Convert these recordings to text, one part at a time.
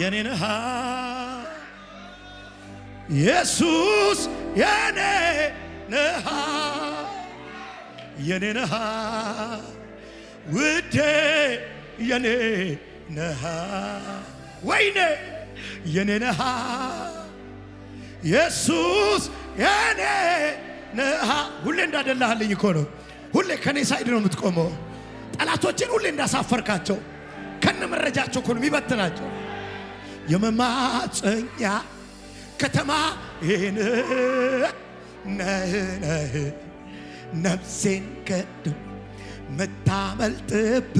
የኔ ነህ ኢየሱስ የኔ ነህ የኔ ነህ ውዴ የኔ ነህ ወይኔ የኔ ነህ ኢየሱስ የኔ ነህ ሁሌ እንዳደላህልኝ እኮ ነው። ሁሌ ከኔ ሳይድ ነው የምትቆመው። ጠላቶችን ሁሌ እንዳሳፈርካቸው ከነ መረጃቸው እኮ ነው የሚበትናቸው የመማፀኛ ከተማ ይህን ነህነህ ነፍሴን ምታመልጥብ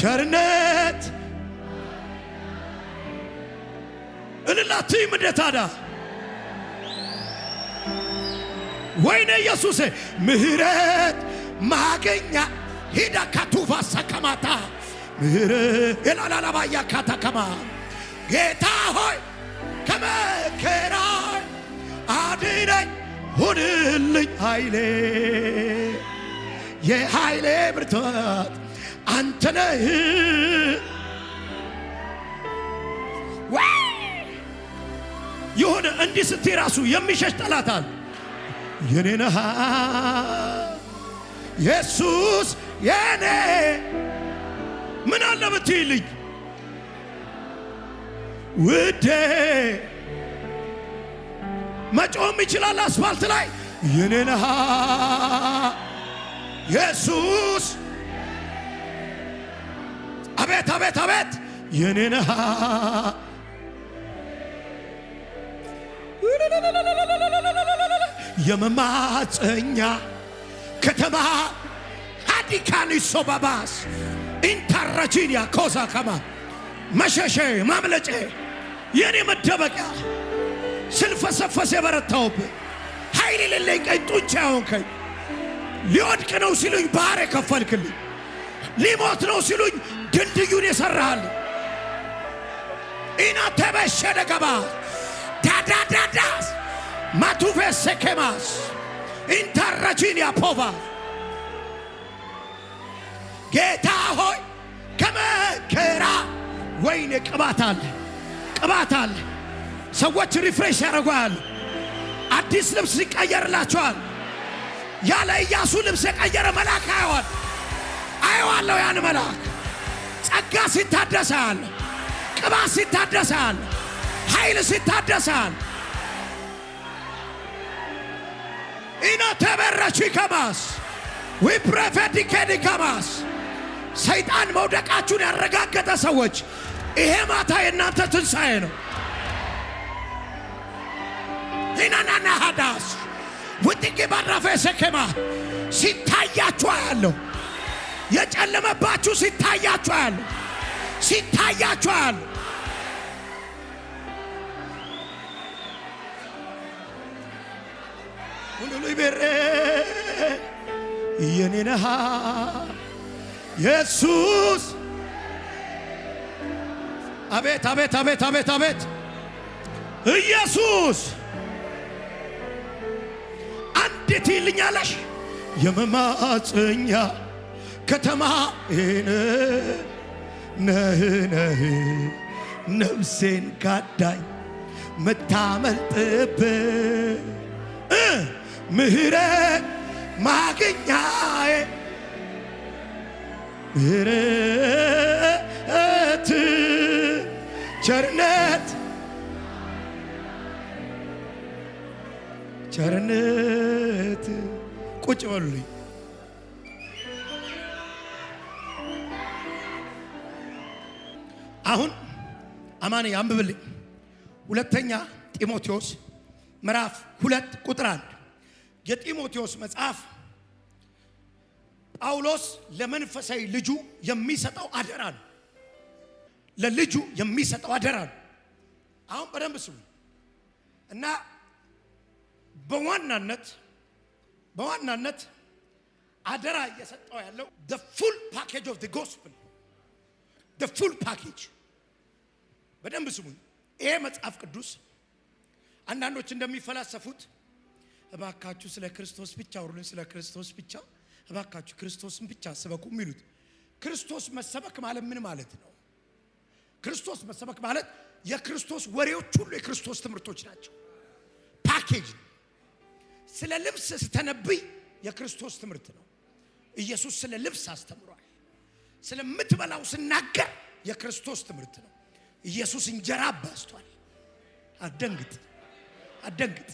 ቸርነት እልላት ምህረት ማገኛ ሂዳ ካቱፋ ሰከማታ ላላባያ ካታከማ ጌታ ሆይ ከመከራ አድነኝ፣ ሁንልኝ ኃይሌ የኃይሌ ብርታት አንተ ነህ። የሆነ እንዲህ ስቲ ራሱ የሚሸሽ ጠላታል የኔ ነህ ኢየሱስ የኔ ምን አለ ብትይልኝ ውዴ መጮም ይችላል አስፋልት ላይ የኔነሃ ኢየሱስ አቤት አቤት አቤት የኔነሃ የመማፀኛ ከተማ አዲካኒ ሶባባስ ኢንታራጂኒያ ኮዛ ከማ መሸሸ ማምለጨ የኔ መደበቂያ ስልፈሰፈስ የበረታውብህ ኃይል የሌለኝ ቀኝ ጡንቻ የሆንከኝ ሊወድቅ ነው ሲሉኝ ባህር የከፈልክልኝ ሊሞት ነው ሲሉኝ ድልድዩን የሠራሃል ኢና ተበሸደ ገባ ዳዳዳዳስ ማቱፌ ሴኬማስ ኢንታራጂኒያ ፖቫ ጌታ ሆይ ከመከራ ወይኔ ቅባት አለ ቅባት አለ። ሰዎች ሪፍሬሽ ያደርጓል። አዲስ ልብስ ይቀየርላቸዋል። ያለ ኢያሱ ልብስ የቀየረ መልአክ አየዋል አየዋለሁ ያን መልአክ ጸጋ ሲታደሳል፣ ቅባት ሲታደሳል፣ ኃይል ሲታደሳል ኢኖ ተበረች ከማስ ዊ ፕሬፌዲኬድ ከማስ ሰይጣን መውደቃችሁን ያረጋገጠ ሰዎች ይሄ ማታ የእናንተ ትንሣኤ ነው። ኢናናና ሃዳስ ውጥቂ ባራፈ ሰኬማ ሲታያችሁ አያለሁ። የጨለመባችሁ ሲታያችሁ አያለሁ። ሲታያችሁ አያለሁ። ሁሉ ይበረ የኔ ኢየሱስ አቤት አቤት አቤት አቤት አቤት ኢየሱስ አንዴት ይልኛለሽ የመማፀኛ ከተማ ነህ ነህ ነፍሴን ካዳኝ መታመልጥብ ምህረት ማግኛዬ ምሕረት ቸርነት ቸርነት ቁጭ በሉልኝ። አሁን አማኔ አንብብልኝ። ሁለተኛ ጢሞቴዎስ ምዕራፍ ሁለት ቁጥር አንድ የጢሞቴዎስ መጽሐፍ ጳውሎስ ለመንፈሳዊ ልጁ የሚሰጠው አደራ ነው። ለልጁ የሚሰጠው አደራ ነው። አሁን በደንብ ስሙ እና በዋናነት በዋናነት አደራ እየሰጠው ያለው the full package of the gospel the full package። በደንብ ስሙኝ። ይሄ መጽሐፍ ቅዱስ አንዳንዶች እንደሚፈላሰፉት እባካችሁ ስለ ክርስቶስ ብቻ አውሩልኝ፣ ስለ ክርስቶስ ብቻ እባካችሁ ክርስቶስን ብቻ ስበኩ የሚሉት ክርስቶስ መሰበክ ማለት ምን ማለት ነው? ክርስቶስ መሰበክ ማለት የክርስቶስ ወሬዎች ሁሉ የክርስቶስ ትምህርቶች ናቸው። ፓኬጅ ስለ ልብስ ስተነብይ የክርስቶስ ትምህርት ነው። ኢየሱስ ስለ ልብስ አስተምሯል። ስለምትበላው ስናገር የክርስቶስ ትምህርት ነው። ኢየሱስ እንጀራ አባስቷል አደንግጥ አደንግጥ።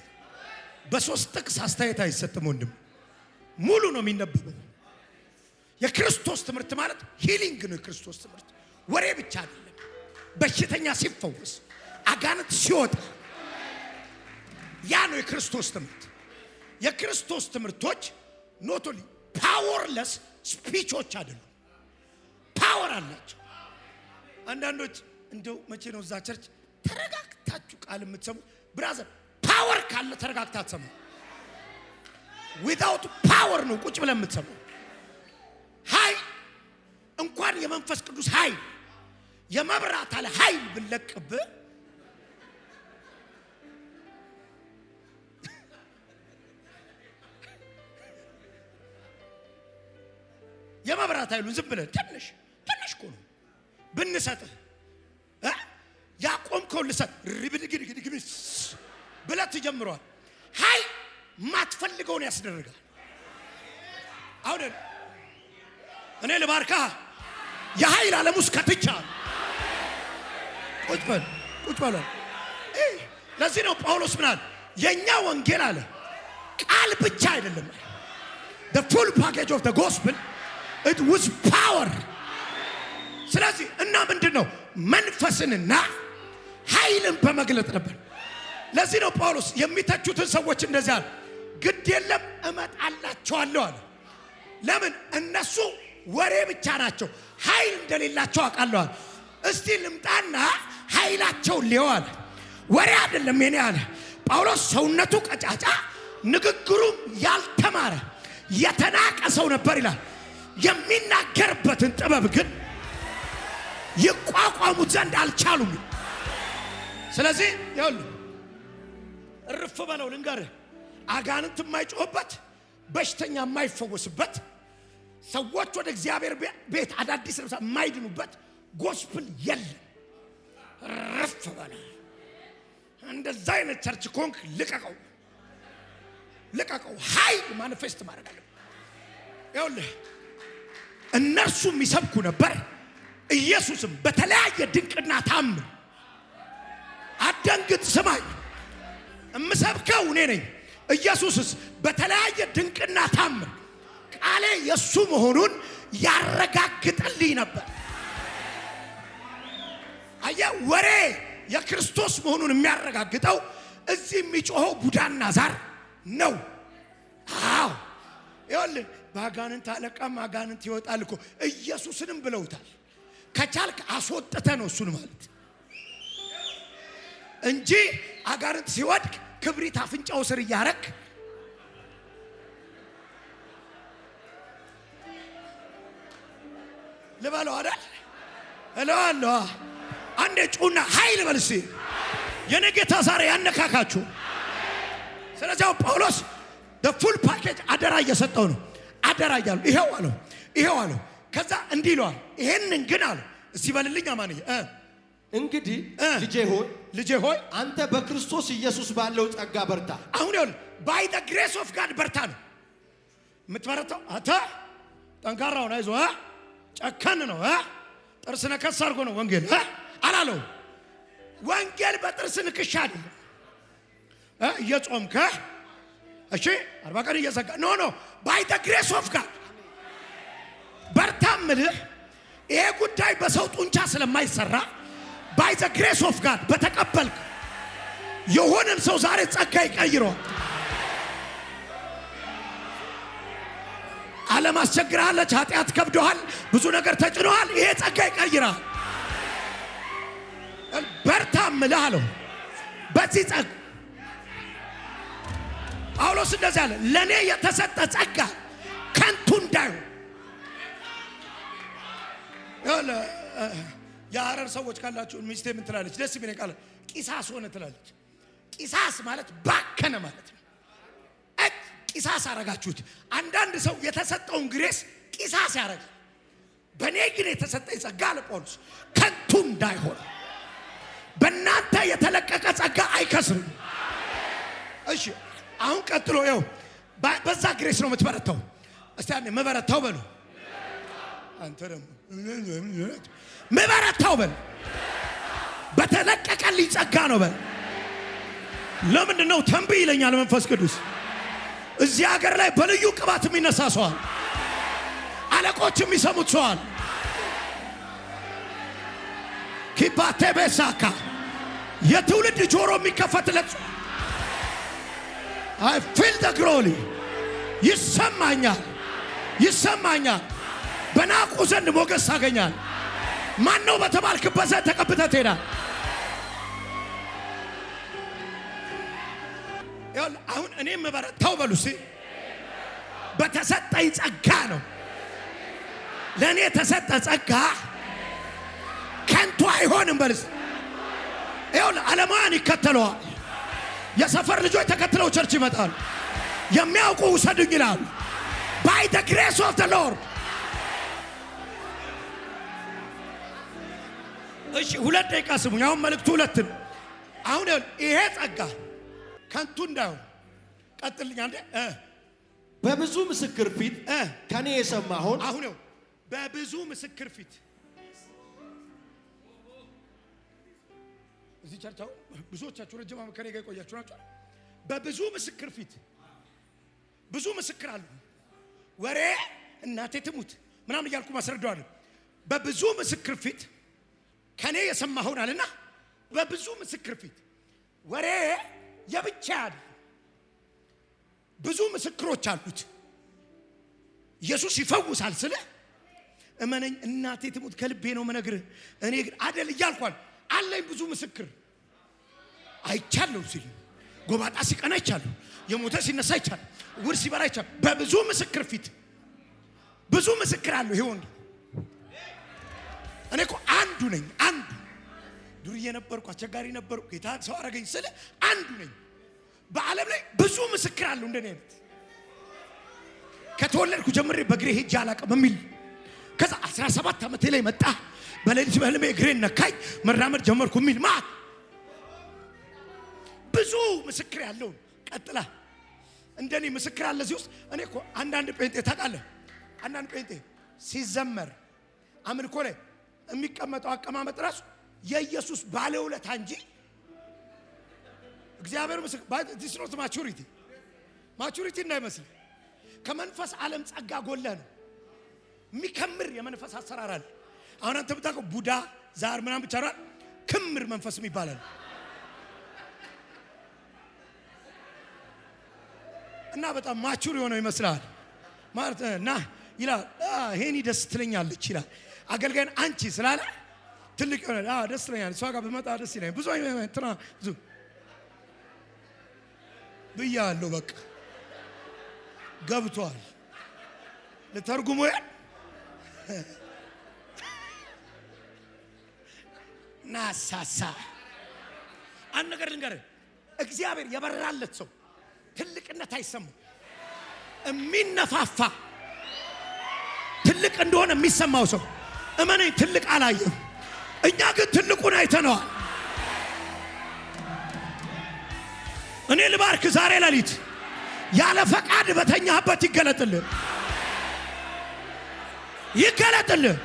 በሶስት ጥቅስ አስተያየት አይሰጥም ወንድም ሙሉ ነው የሚነበበው። የክርስቶስ ትምህርት ማለት ሂሊንግ ነው። የክርስቶስ ትምህርት ወሬ ብቻ አይደለም። በሽተኛ ሲፈወስ፣ አጋንንት ሲወጣ፣ ያ ነው የክርስቶስ ትምህርት። የክርስቶስ ትምህርቶች ኖቶሊ ፓወርለስ ስፒቾች አይደሉም፣ ፓወር አላቸው። አንዳንዶች እንደው መቼ ነው እዛ ቸርች ተረጋግታችሁ ቃል የምትሰሙት? ብራዘር ፓወር ካለ ተረጋግታ ትሰማ። ዊዳውት ፓወር ነው ቁጭ ብለን የምትሰማው ኃይል እንኳን የመንፈስ ቅዱስ ኃይል የመብራት አለ ኃይል ብንለቅብህ የመብራት ኃይሉን ዝም ብለህ ትንሽ ትንሽ እኮ ብንሰጥህ ያቆምከውን ልሰጥ ርብድግድግድግድ ብለህ ትጀምረዋል ኃይል ማትፈልገውን ያስደርጋል። አሁን እኔ ልባርካ የኃይል ዓለም ውስጥ ከትቻ ቁጭ በል ቁጭ በል። ለዚህ ነው ጳውሎስ ምናል የእኛ ወንጌል አለ ቃል ብቻ አይደለም ፉል ፓኬጅ ኦፍ ጎስፕል ውዝ ፓወር። ስለዚህ እና ምንድን ነው መንፈስንና ኃይልን በመግለጥ ነበር። ለዚህ ነው ጳውሎስ የሚተቹትን ሰዎች እንደዚህ አለ ግድ የለም እመጣላቸዋለሁ አለ። ለምን እነሱ ወሬ ብቻ ናቸው፣ ኃይል እንደሌላቸው አውቃለዋል። እስቲ ልምጣና ኃይላቸው ሊየው አለ። ወሬ አይደለም የኔ አለ ጳውሎስ። ሰውነቱ ቀጫጫ፣ ንግግሩም ያልተማረ የተናቀ ሰው ነበር ይላል። የሚናገርበትን ጥበብ ግን ይቋቋሙት ዘንድ አልቻሉም። ስለዚህ ይኸውልህ እርፍ በለው ልንገርህ አጋንንት የማይጮህበት በሽተኛ የማይፈወስበት ሰዎች ወደ እግዚአብሔር ቤት አዳዲስ ነብሳ የማይድኑበት ጎስፕል የለም። ረፍ በለ። እንደዛ አይነት ቸርች ኮንክ ልቀቀው፣ ልቀቀው። ኃይል ማኒፌስት ማድረግ አለ። ይኸውልህ እነርሱም ይሰብኩ ነበር፣ ኢየሱስም በተለያየ ድንቅና ታምር። አደንግጥ ስማኝ፣ እምሰብከው እኔ ነኝ። ኢየሱስስ በተለያየ ድንቅና ታምር ቃሌ የእሱ መሆኑን ያረጋግጥልኝ ነበር። አየህ፣ ወሬ የክርስቶስ መሆኑን የሚያረጋግጠው እዚህ የሚጮኸው ቡዳና ዛር ነው። አዎ ይኸውልህ፣ በአጋንንት አለቃም አጋንንት ይወጣል እኮ ኢየሱስንም ብለውታል። ከቻልክ አስወጥተ ነው እሱን ማለት እንጂ አጋንንት ሲወድቅ ክብሪት አፍንጫው ስር እያረክ ልበለው አይደል? እለዋለሁ። አንዴ ጩና ኃይል በልሲ የነገታ ዛሬ ያነካካችሁ። ስለዚያው ጳውሎስ ፉል ፓኬጅ አደራ እየሰጠው ነው። አደራ እያሉ ይኸው አለው፣ ይኸው አለው። ከዛ እንዲህ ይለዋል፣ ይሄንን ግን አለው። እስቲ በልልኝ አማንዬ እንግዲህ ልጄ ሆይ ልጄ ሆይ አንተ በክርስቶስ ኢየሱስ ባለው ጸጋ በርታ። አሁን ይሁን ባይ ዘ ግሬስ ኦፍ ጋድ በርታ ነው የምትበረታው። ጠንካራው ጠንካራውን አይዞህ፣ ጨከን ነው ጥርስ ነከስ አድርጎ ነው ወንጌል አላለው። ወንጌል በጥርስ ንክሻ አይደለም። እየጾምከ እሺ፣ አርባ ቀን እየዘጋ ኖ ኖ ባይ ዘ ግሬስ ኦፍ ጋድ በርታ ምልህ። ይሄ ጉዳይ በሰው ጡንቻ ስለማይሰራ ባይ ዘ ግሬስ ኦፍ ጋድ በተቀበልክ የሆነን ሰው ዛሬ ጸጋ ይቀይረዋል። ዓለም አስቸግርሃለች፣ ኃጢአት ከብዶሃል፣ ብዙ ነገር ተጭኖሃል። ይሄ ጸጋ ይቀይራል። በርታም እልሃለሁ በዚህ ጸጋ ጳውሎስ እንደዚህ አለ፣ ለእኔ የተሰጠ ጸጋ ከንቱ እንዳይሆን የአረብ ሰዎች ካላችሁ ሚስቴ ምን ትላለች? ደስ የሚለኝ ቃል ቂሳስ ሆነ ትላለች። ቂሳስ ማለት ባከነ ማለት ነው። ቂሳስ አረጋችሁት። አንዳንድ ሰው የተሰጠውን ግሬስ ቂሳስ ያረጋል። በእኔ ግን የተሰጠኝ ጸጋ አለ ጳውሎስ ከንቱ እንዳይሆን በእናንተ የተለቀቀ ጸጋ አይከስርም። እሺ አሁን ቀጥሎ ያው በዛ ግሬስ ነው የምትበረታው። እስቲ አንዴ መበረታው በሉ አንተ ደግሞ ምበረታው በል በተለቀቀ ጸጋ ነው በል። ለምንድን ነው ተንብይ ይለኛል መንፈስ ቅዱስ። እዚህ ሀገር ላይ በልዩ ቅባት የሚነሳ ሰዋል። አለቆች የሚሰሙት ሰዋል። ኪባቴ ቤሳካ የትውልድ ጆሮ የሚከፈትለት አይ ፊል ደ ግሮሊ ይሰማኛል፣ ይሰማኛል በናቁ ዘንድ ሞገስ ታገኛል። ማን ነው በተባልክበት ዘንድ ተቀብተህ ትሄዳል። አሁን እኔ የምበረታው በሉ እስኪ በተሰጠኝ ጸጋ ነው። ለእኔ የተሰጠ ጸጋ ከንቱ አይሆንም። በልስ ይሁን አለማን ይከተለዋል። የሰፈር ልጆች ተከትለው ቸርች ይመጣሉ። የሚያውቁ ውሰዱኝ ይላሉ። ባይ ደ ግሬስ ኦፍ ደ ሎርድ እሺ፣ ሁለት ደቂቃ ስሙ። አሁን መልእክቱ ሁለት ነው። አሁን ይሄ ጸጋ ከንቱ እንዳይሆን ቀጥልኝ። አንዴ በብዙ ምስክር ፊት ከኔ የሰማ አሁን አሁን በብዙ ምስክር ፊት እዚህ ቸርቻው ብዙዎቻችሁ ረጅም ዓመት ከኔ ጋር የቆያችሁ ናችሁ። በብዙ ምስክር ፊት ብዙ ምስክር አሉ። ወሬ እናቴ ትሙት ምናምን እያልኩ ማስረዳዋለሁ። በብዙ ምስክር ፊት ከኔ የሰማሁን አለና በብዙ ምስክር ፊት ወሬ የብቻ ያለ ብዙ ምስክሮች አሉት። ኢየሱስ ይፈውሳል ስለ እመነኝ እናቴ ትሙት ከልቤ ነው መነግር እኔ ግን አደል እያልኳል አለኝ ብዙ ምስክር አይቻለሁ ሲል ጎባጣ ሲቀና ይቻለሁ፣ የሞተ ሲነሳ ይቻለሁ፣ ውር ሲበራ ይቻለሁ። በብዙ ምስክር ፊት ብዙ ምስክር አለሁ ይሄ ወንጌል እኔ እኮ አንዱ ነኝ። አንዱ ዱርዬ ነበርኩ፣ አስቸጋሪ ነበርኩ፣ ጌታ ሰው አረገኝ ስለ አንዱ ነኝ። በዓለም ላይ ብዙ ምስክር አለው እንደኔ አይነት ከተወለድኩ ጀምሬ በእግሬ ሄጄ አላቀ የሚል ከዛ 17 ዓመቴ ላይ መጣ። በሌሊት በህልሜ እግሬን ነካኝ መራመድ ጀመርኩ የሚል ማት ብዙ ምስክር ያለው ቀጥላ እንደኔ ምስክር አለ እዚህ ውስጥ። እኔ እኮ አንዳንድ ጴንጤ ታውቃለህ፣ አንዳንድ ጴንጤ ሲዘመር አምልኮ ላይ የሚቀመጠው አቀማመጥ ራሱ የኢየሱስ ባለውለታ እንጂ እግዚአብሔር ዲስ ኖት ማቹሪቲ ማቹሪቲ እንዳይመስል ከመንፈስ ዓለም ጸጋ ጎለ ነው። የሚከምር የመንፈስ አሰራር አለ። አሁን አንተ ብታውቀው ቡዳ ዛር ምናም ብቻ ክምር መንፈስም ይባላል። እና በጣም ማቹር የሆነው ይመስላል ማለት ና ይላል። ይሄን ደስ ትለኛለች ይላል አገልጋይን አንቺ ስላለ ትልቅ ሆነ። አዎ ደስ ይለኛል። እሷ ጋር በመጣ ደስ ይለኛል። ብዙ እንትና ብዙ ብያለሁ። በቃ ገብቷል። ልተርጉሞ ናሳሳ አንድ ነገር ልንገር፣ እግዚአብሔር የበራለት ሰው ትልቅነት አይሰሙ የሚነፋፋ ትልቅ እንደሆነ የሚሰማው ሰው እመነኝ፣ ትልቅ አላየም። እኛ ግን ትልቁን አይተነዋል። እኔ ልባርክ ዛሬ ሌሊት ያለ ፈቃድ በተኛህበት ይገለጥልህ፣ ይገለጥልህ።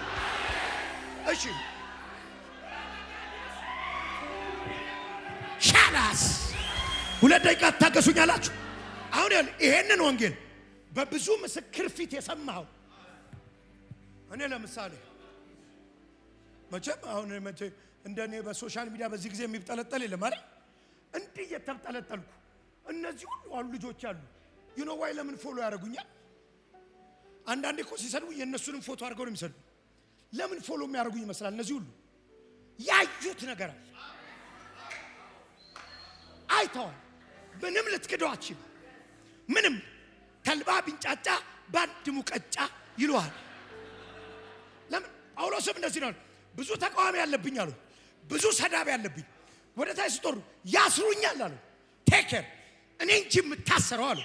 እሺ ሻላስ ሁለት ደቂቃ ትታገሱኛላችሁ? አሁን ይሄንን ወንጌል በብዙ ምስክር ፊት የሰማኸው እኔ ለምሳሌ መቼም አሁን መቼ እንደኔ በሶሻል ሚዲያ በዚህ ጊዜ የሚብጠለጠል የለም አይደል? እንዲህ እየተብጠለጠልኩ እነዚህ ሁሉ አሉ ልጆች አሉ። ኖ ዋይ ለምን ፎሎ ያደርጉኛል? አንዳንዴ እኮ ሲሰድቡ የእነሱንም ፎቶ አድርገው ነው የሚሰድቡ። ለምን ፎሎ የሚያደርጉኝ ይመስላል? እነዚህ ሁሉ ያዩት ነገር አለ፣ አይተዋል። ምንም ልትክደዋችን ምንም ተልባ ቢንጫጫ በአንድ ሙቀጫ ይለዋል። ለምን ጳውሎስም እንደዚህ ነው ብዙ ተቃዋሚ ያለብኝ አሉ። ብዙ ሰዳቢ ያለብኝ ወደ ታች ስጦር ያስሩኛል አሉ። ቴከር እኔ እንጂ የምታሰረው አሉ።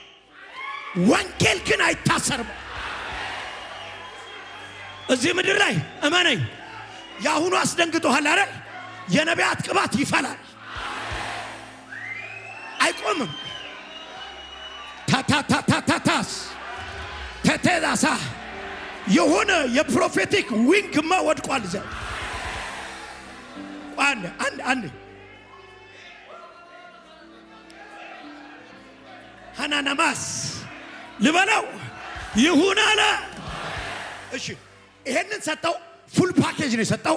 ወንጌል ግን አይታሰርም። እዚህ ምድር ላይ እመነኝ፣ የአሁኑ አስደንግጦሃል አይደል? የነቢያት ቅባት ይፈላል፣ አይቆምም። ታታታታታታስ ተቴዛሳ የሆነ የፕሮፌቲክ ዊንግማ ወድቋል ዘ አንድ አንድ አንድ ሀናናማስ ልበለው ይሁን አለ። እሺ ይሄንን ሰጠው። ፉል ፓኬጅ ነው የሰጠው።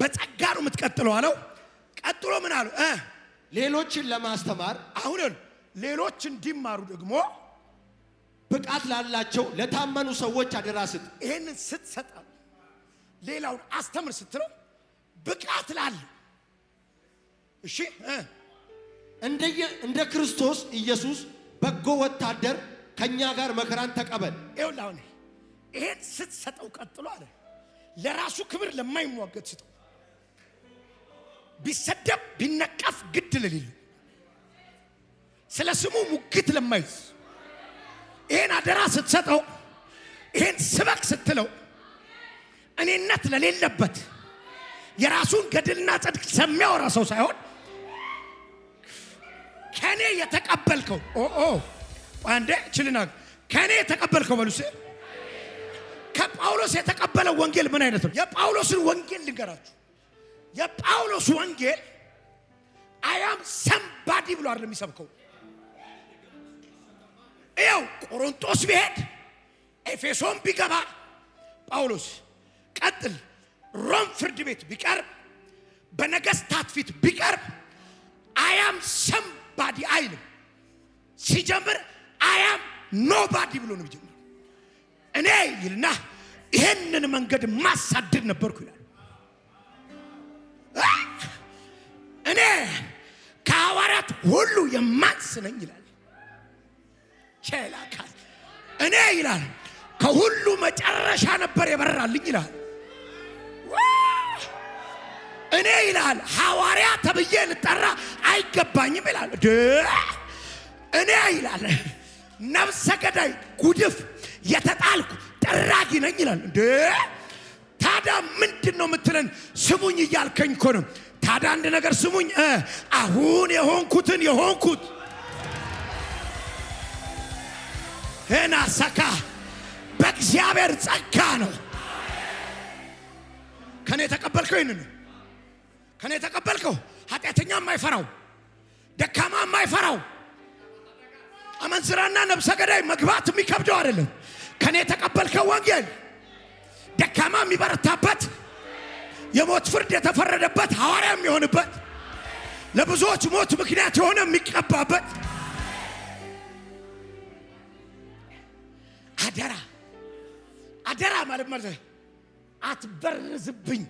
በጸጋ ነው የምትቀጥለው አለው። ቀጥሎ ምን አሉ? ሌሎችን ለማስተማር አሁን ሌሎች እንዲማሩ ደግሞ ብቃት ላላቸው ለታመኑ ሰዎች አደራ ስጥ። ይሄንን ስትሰጣ ሌላውን አስተምር ስትለው ብቃት ላለ እሺ እንደ ክርስቶስ ኢየሱስ በጎ ወታደር ከእኛ ጋር መከራን ተቀበል። ይኸውልህ አሁን ይሄን ስትሰጠው ቀጥሎ አለ ለራሱ ክብር ለማይሟገት ስጠው። ቢሰደብ ቢነቀፍ ግድ ለሌሉ ስለ ስሙ ሙግት ለማይዝ ይሄን አደራ ስትሰጠው ይሄን ስበክ ስትለው እኔነት ለሌለበት የራሱን ገድልና ጽድቅ የሚያወራ ሰው ሳይሆን ከኔ የተቀበልከው አንዴ ችልና ከኔ የተቀበልከው በሉ ከጳውሎስ የተቀበለው ወንጌል ምን አይነት ነው? የጳውሎስን ወንጌል ልንገራችሁ። የጳውሎስ ወንጌል አያም ሰምባዲ ብሎ አይደለም የሚሰብከው። ይኸው ቆሮንቶስ ቢሄድ ኤፌሶን ቢገባ ጳውሎስ ቀጥል ሮም ፍርድ ቤት ቢቀርብ በነገስታት ፊት ቢቀርብ አያም ሰምባዲ አይልም። ሲጀምር አያም ኖባዲ ብሎ ነው ጀምር። እኔ ይልና ይህንን መንገድ ማሳደድ ነበርኩ ይላል። እኔ ከሐዋርያት ሁሉ የማንስ ነኝ ይላል። ቼላካል እኔ ይላል ከሁሉ መጨረሻ ነበር የበራልኝ ይላል። እኔ ይላል ሐዋርያ ተብዬ ልጠራ አይገባኝም ይላል። እኔ ይላል ነፍሰ ገዳይ ጉድፍ የተጣልኩ ጠራጊ ነኝ ይላል። እንዴ ታዲያ ምንድን ነው የምትለን? ስሙኝ እያልከኝ እኮ ነው። ታዲያ አንድ ነገር ስሙኝ። አሁን የሆንኩትን የሆንኩት ሄና ሰካ በእግዚአብሔር ጸጋ ነው። ከእኔ የተቀበልከው ይህንን ከኔ የተቀበልከው ኃጢአተኛ የማይፈራው ደካማ የማይፈራው አመንዝራና ነብሰ ገዳይ መግባት የሚከብደው አይደለም። ከኔ የተቀበልከው ወንጌል ደካማ የሚበረታበት የሞት ፍርድ የተፈረደበት ሐዋርያ የሚሆንበት ለብዙዎች ሞት ምክንያት የሆነ የሚቀባበት አደራ አደራ ማለት ማለት አትበርዝብኝ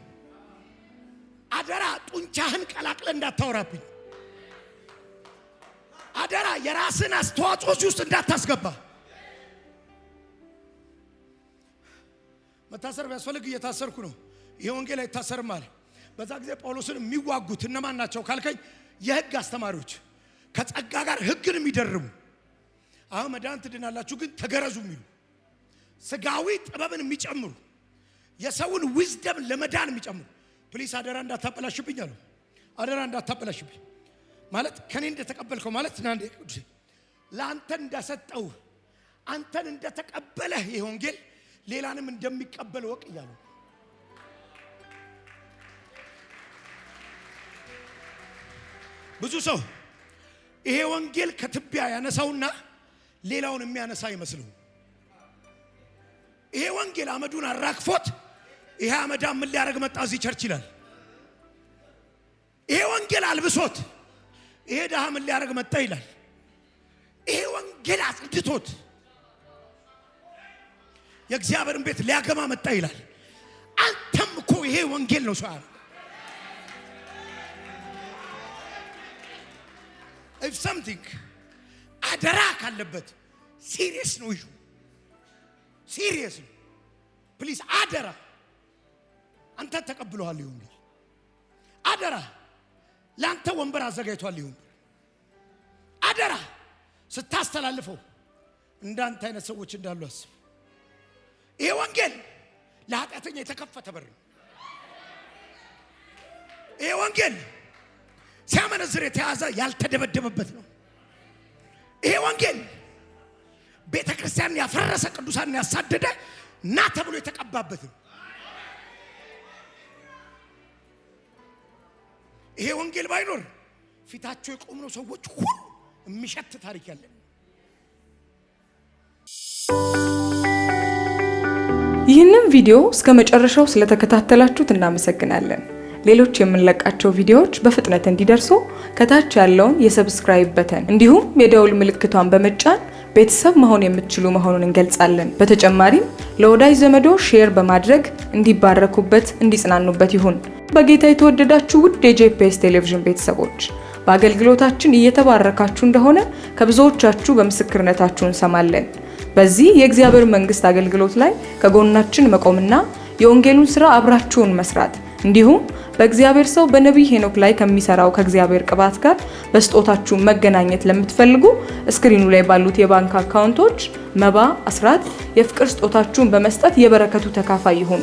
አደራ ጡንቻህን ቀላቅለ እንዳታወራብኝ። አደራ የራስን አስተዋጽኦች ውስጥ እንዳታስገባ። መታሰር ቢያስፈልግ እየታሰርኩ ነው። ይሄ ወንጌል አይታሰርም አለ። በዛ ጊዜ ጳውሎስን የሚዋጉት እነማን ናቸው ካልከኝ፣ የህግ አስተማሪዎች ከጸጋ ጋር ህግን የሚደርቡ አሁን መዳን ትድናላችሁ ግን ተገረዙ የሚሉ ስጋዊ ጥበብን የሚጨምሩ የሰውን ዊዝደም ለመዳን የሚጨምሩ ፕሊስ አደራ እንዳታበላሽብኝ አሉ። አደራ እንዳታበላሽብኝ ማለት ከኔ እንደተቀበልከው ማለት ና ቅዱሴ ለአንተን እንዳሰጠው አንተን እንደተቀበለ ይህ ወንጌል ሌላንም እንደሚቀበል ወቅ እያሉ ብዙ ሰው ይሄ ወንጌል ከትቢያ ያነሳውና ሌላውን የሚያነሳ አይመስልም። ይሄ ወንጌል አመዱን አራክፎት ይሄ አመዳም ምን ሊያደርግ መጣ እዚህ ቸርች ይላል። ይሄ ወንጌል አልብሶት ይሄ ድሃ ምን ሊያደርግ መጣ ይላል። ይሄ ወንጌል አጽድቶት የእግዚአብሔርን ቤት ሊያገማ መጣ ይላል። አንተም እኮ ይሄ ወንጌል ነው። ሰው ኢፍ ሰምቲንግ አደራ ካለበት ሲሪየስ ነው። ይሁ ሲሪየስ ነው። ፕሊዝ አደራ አንተ ተቀብለዋል። ይሁን ግን አደራ ለአንተ ወንበር አዘጋጅቷል። ይሁን አደራ ስታስተላልፈው እንዳንተ አይነት ሰዎች እንዳሉ አስብ። ይሄ ወንጌል ለኃጢአተኛ የተከፈተ በር ነው። ይሄ ወንጌል ሲያመነዝር የተያዘ ያልተደበደበበት ነው። ይሄ ወንጌል ቤተ ክርስቲያንን ያፈረሰ ቅዱሳንን ያሳደደ ና ተብሎ የተቀባበት ነው። ይሄ ወንጌል ባይኖር ፊታቸው የቆምነው ሰዎች ሁሉ የሚሸት ታሪክ ያለን። ይህንን ቪዲዮ እስከ መጨረሻው ስለተከታተላችሁት እናመሰግናለን። ሌሎች የምንለቃቸው ቪዲዮዎች በፍጥነት እንዲደርሱ ከታች ያለውን የሰብስክራይብ በተን እንዲሁም የደውል ምልክቷን በመጫን ቤተሰብ መሆን የምትችሉ መሆኑን እንገልጻለን። በተጨማሪም ለወዳጅ ዘመዶ ሼር በማድረግ እንዲባረኩበት፣ እንዲጽናኑበት ይሁን። በጌታ የተወደዳችሁ ውድ የጄፒኤስ ቴሌቪዥን ቤተሰቦች በአገልግሎታችን እየተባረካችሁ እንደሆነ ከብዙዎቻችሁ በምስክርነታችሁ እንሰማለን። በዚህ የእግዚአብሔር መንግስት አገልግሎት ላይ ከጎናችን መቆምና የወንጌሉን ስራ አብራችሁን መስራት እንዲሁም በእግዚአብሔር ሰው በነቢይ ሄኖክ ላይ ከሚሰራው ከእግዚአብሔር ቅባት ጋር በስጦታችሁ መገናኘት ለምትፈልጉ እስክሪኑ ላይ ባሉት የባንክ አካውንቶች መባ፣ አስራት፣ የፍቅር ስጦታችሁን በመስጠት የበረከቱ ተካፋይ ይሁኑ።